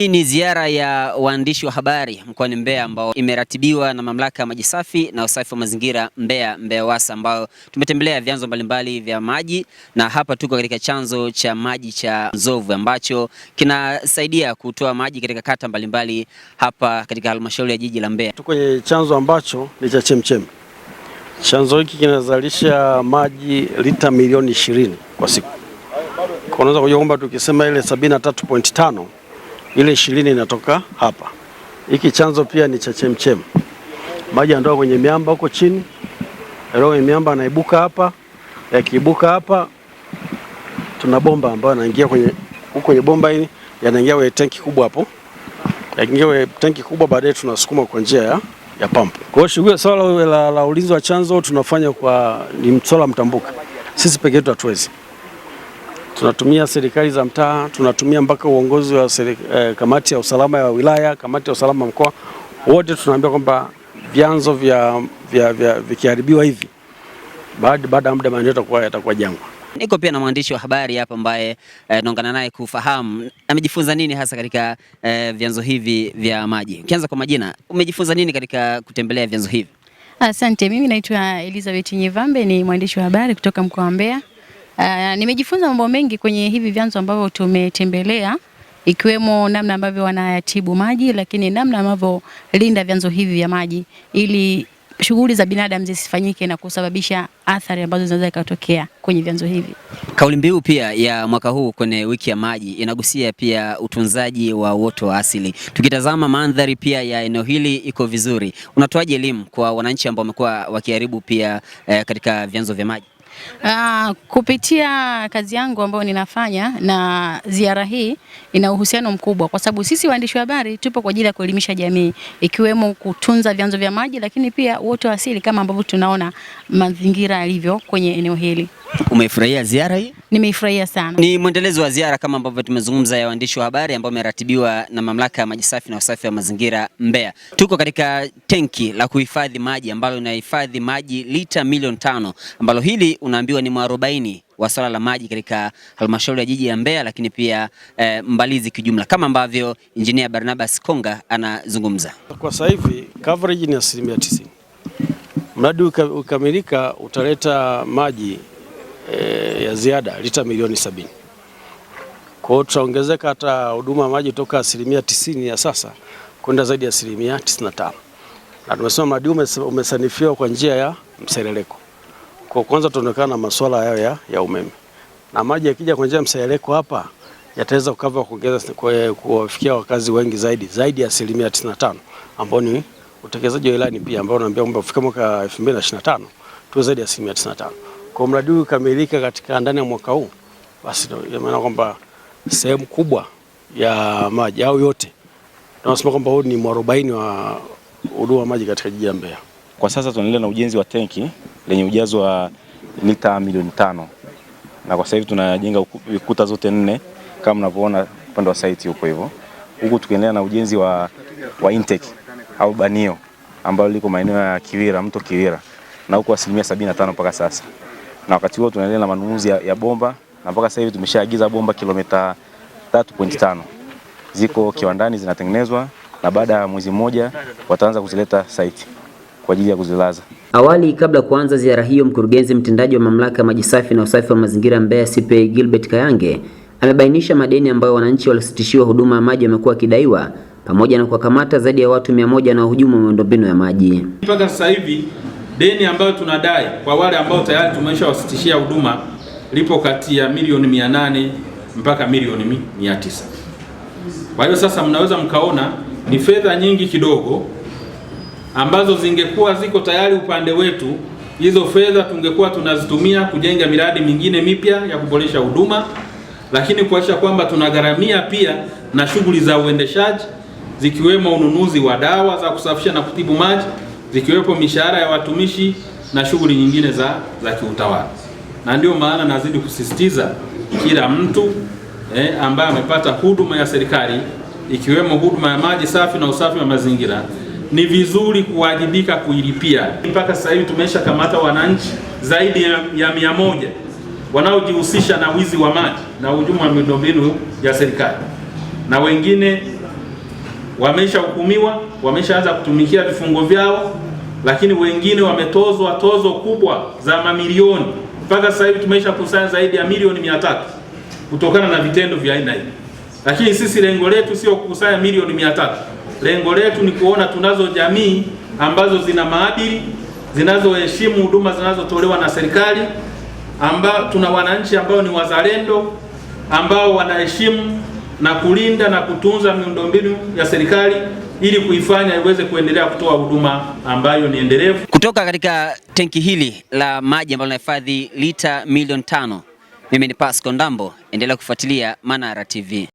Hii ni ziara ya waandishi wa habari mkoani Mbeya ambao imeratibiwa na Mamlaka ya Maji Safi na Usafi wa Mazingira Mbeya, wasa ambao tumetembelea vyanzo mbalimbali vya maji, na hapa tuko katika chanzo cha maji cha nzovu ambacho kinasaidia kutoa maji katika kata mbalimbali hapa katika halmashauri ya jiji la Mbeya. Tuko kwenye chanzo ambacho ni cha chemchem. Chanzo hiki kinazalisha maji lita milioni 20 kwa siku. Unaweza kujua kwamba tukisema ile 73.5 ile ishirini inatoka hapa. Hiki chanzo pia ni cha chemchem, maji yanatoka kwenye miamba huko chini, kwenye miamba anaibuka hapa, yakiibuka hapa tuna bomba ambayo anaingia kwenye huko kwenye bomba hili, yanaingia kwenye tanki kubwa hapo, yakiingia kwenye tanki kubwa, baadaye tunasukuma kwa njia ya ya pump. Kwa hiyo shughuli swala la, la ulinzi wa chanzo tunafanya kwa ni swala mtambuka, sisi pekee yetu hatuwezi tunatumia serikali za mtaa, tunatumia mpaka uongozi wa eh, kamati ya usalama ya wilaya, kamati ya usalama mkoa, wote tunaambia kwamba vyanzo vya, vya, vya vikiharibiwa hivi baada ya muda maeneo yatakuwa jangwa. Niko pia na mwandishi wa habari hapa ambaye eh, naongana naye kufahamu amejifunza nini hasa katika eh, vyanzo hivi vya maji. Ukianza kwa majina, umejifunza nini katika kutembelea vyanzo hivi? Asante, mimi naitwa Elizabeth Nyevambe, ni mwandishi wa habari kutoka mkoa wa Mbeya. Eh, nimejifunza mambo mengi kwenye hivi vyanzo ambavyo tumetembelea ikiwemo namna ambavyo wanayatibu maji, lakini namna ambavyo linda vyanzo hivi vya maji ili shughuli za binadamu zisifanyike na kusababisha athari ambazo zinaweza ikatokea kwenye vyanzo hivi. Kauli mbiu pia ya mwaka huu kwenye wiki ya maji inagusia pia utunzaji wa uoto wa asili. Tukitazama mandhari pia ya eneo hili iko vizuri, unatoaje elimu kwa wananchi ambao wamekuwa wakiharibu pia eh, katika vyanzo vya maji? Uh, kupitia kazi yangu ambayo ninafanya na ziara hii ina uhusiano mkubwa, kwa sababu sisi waandishi wa habari tupo kwa ajili ya kuelimisha jamii, ikiwemo kutunza vyanzo vya maji, lakini pia uoto wa asili kama ambavyo tunaona mazingira yalivyo kwenye eneo hili. Umeifurahia ziara hii? Nimeifurahia sana. Ni mwendelezo wa ziara kama ambavyo tumezungumza ya waandishi wa habari ambao umeratibiwa na Mamlaka ya Maji Safi na Usafi wa Mazingira Mbeya. Tuko katika tenki la kuhifadhi maji ambalo linahifadhi maji lita milioni tano ambalo hili unaambiwa ni mwarobaini wa swala la maji katika halmashauri ya jiji ya Mbeya, lakini pia e, Mbalizi kijumla, kama ambavyo injinia Barnabas Konga anazungumza. Kwa sasa hivi coverage ni asilimia 90. Mradi ukikamilika utaleta maji e, ya ziada lita milioni sabini. Kwa hiyo tutaongezeka hata huduma ya maji toka asilimia tisini ya sasa kwenda zaidi ya asilimia tisini na tano na tumesema mradi umesanifiwa kwa njia ya mserereko. Kwa kwanza tunaonekana na masuala hayo ya, ya umeme na maji yakija kwa njia ya mserereko hapa yataweza kukava kuongeza kuwafikia wakazi wengi zaidi zaidi ya asilimia tano ambao ni utekelezaji wa ilani pia ambao unaambia kwamba kufika mwaka 2025 tuwe zaidi ya asilimia 95 kwa mradi huu ukamilika katika ndani ya mwaka huu, basi maana kwamba sehemu kubwa ya maji au yote tunasema kwamba huu ni mwarobaini wa huduma maji katika jiji la Mbeya. Kwa sasa tunaendelea na ujenzi wa tenki lenye ujazo wa lita milioni tano na kwa sasa hivi tunajenga ukuta zote nne kama mnavyoona upande wa site huko hivyo, huku tukiendelea na ujenzi wa, wa intake au banio ambalo liko maeneo ya Kiwira, mto Kiwira, na huko asilimia 75 mpaka sasa na wakati huo tunaendelea na manunuzi ya, ya bomba na mpaka sasa hivi tumeshaagiza bomba kilomita 3.5 ziko kiwandani zinatengenezwa na baada ya mwezi mmoja wataanza kuzileta site kwa ajili ya kuzilaza. Awali kabla kuanza ziara hiyo, mkurugenzi mtendaji wa mamlaka ya maji safi na usafi wa mazingira Mbeya CPA Gilbert Kayange amebainisha madeni ambayo wananchi waliositishiwa huduma ya maji wamekuwa wakidaiwa pamoja na kuwakamata zaidi ya watu mia moja na wahujumu wa miundombinu ya maji. Mpaka sasa hivi Deni ambayo tunadai kwa wale ambao tayari tumeshawasitishia huduma lipo kati ya milioni 800 mpaka milioni 900. Kwa hiyo sasa mnaweza mkaona ni fedha nyingi kidogo ambazo zingekuwa ziko tayari upande wetu, hizo fedha tungekuwa tunazitumia kujenga miradi mingine mipya ya kuboresha huduma, lakini kuhakikisha kwamba tunagharamia pia na shughuli za uendeshaji zikiwemo ununuzi wa dawa za kusafisha na kutibu maji zikiwepo mishahara ya watumishi na shughuli nyingine za, za kiutawala. Na ndio maana nazidi kusisitiza kila mtu eh, ambaye amepata huduma ya serikali ikiwemo huduma ya maji safi na usafi wa mazingira ni vizuri kuwajibika kuilipia. Mpaka sasa hivi tumeshakamata wananchi zaidi ya, ya mia moja wanaojihusisha na wizi wa maji na hujuma wa miundombinu ya serikali na wengine wameshahukumiwa, wameshaanza kutumikia vifungo vyao, lakini wengine wametozwa tozo kubwa za mamilioni. Mpaka sasa hivi tumeshakusanya zaidi ya milioni mia tatu kutokana na vitendo vya aina hii. Lakini sisi lengo letu sio kukusanya milioni mia tatu. Lengo letu ni kuona tunazo jamii ambazo zina maadili, zinazoheshimu huduma zinazotolewa na serikali, ambao tuna wananchi ambao ni wazalendo, ambao wanaheshimu na kulinda na kutunza miundombinu ya serikali ili kuifanya iweze kuendelea kutoa huduma ambayo ni endelevu. Kutoka katika tenki hili la maji ambalo linahifadhi lita milioni tano, mimi ni Pasco Ndambo, endelea kufuatilia Manara TV.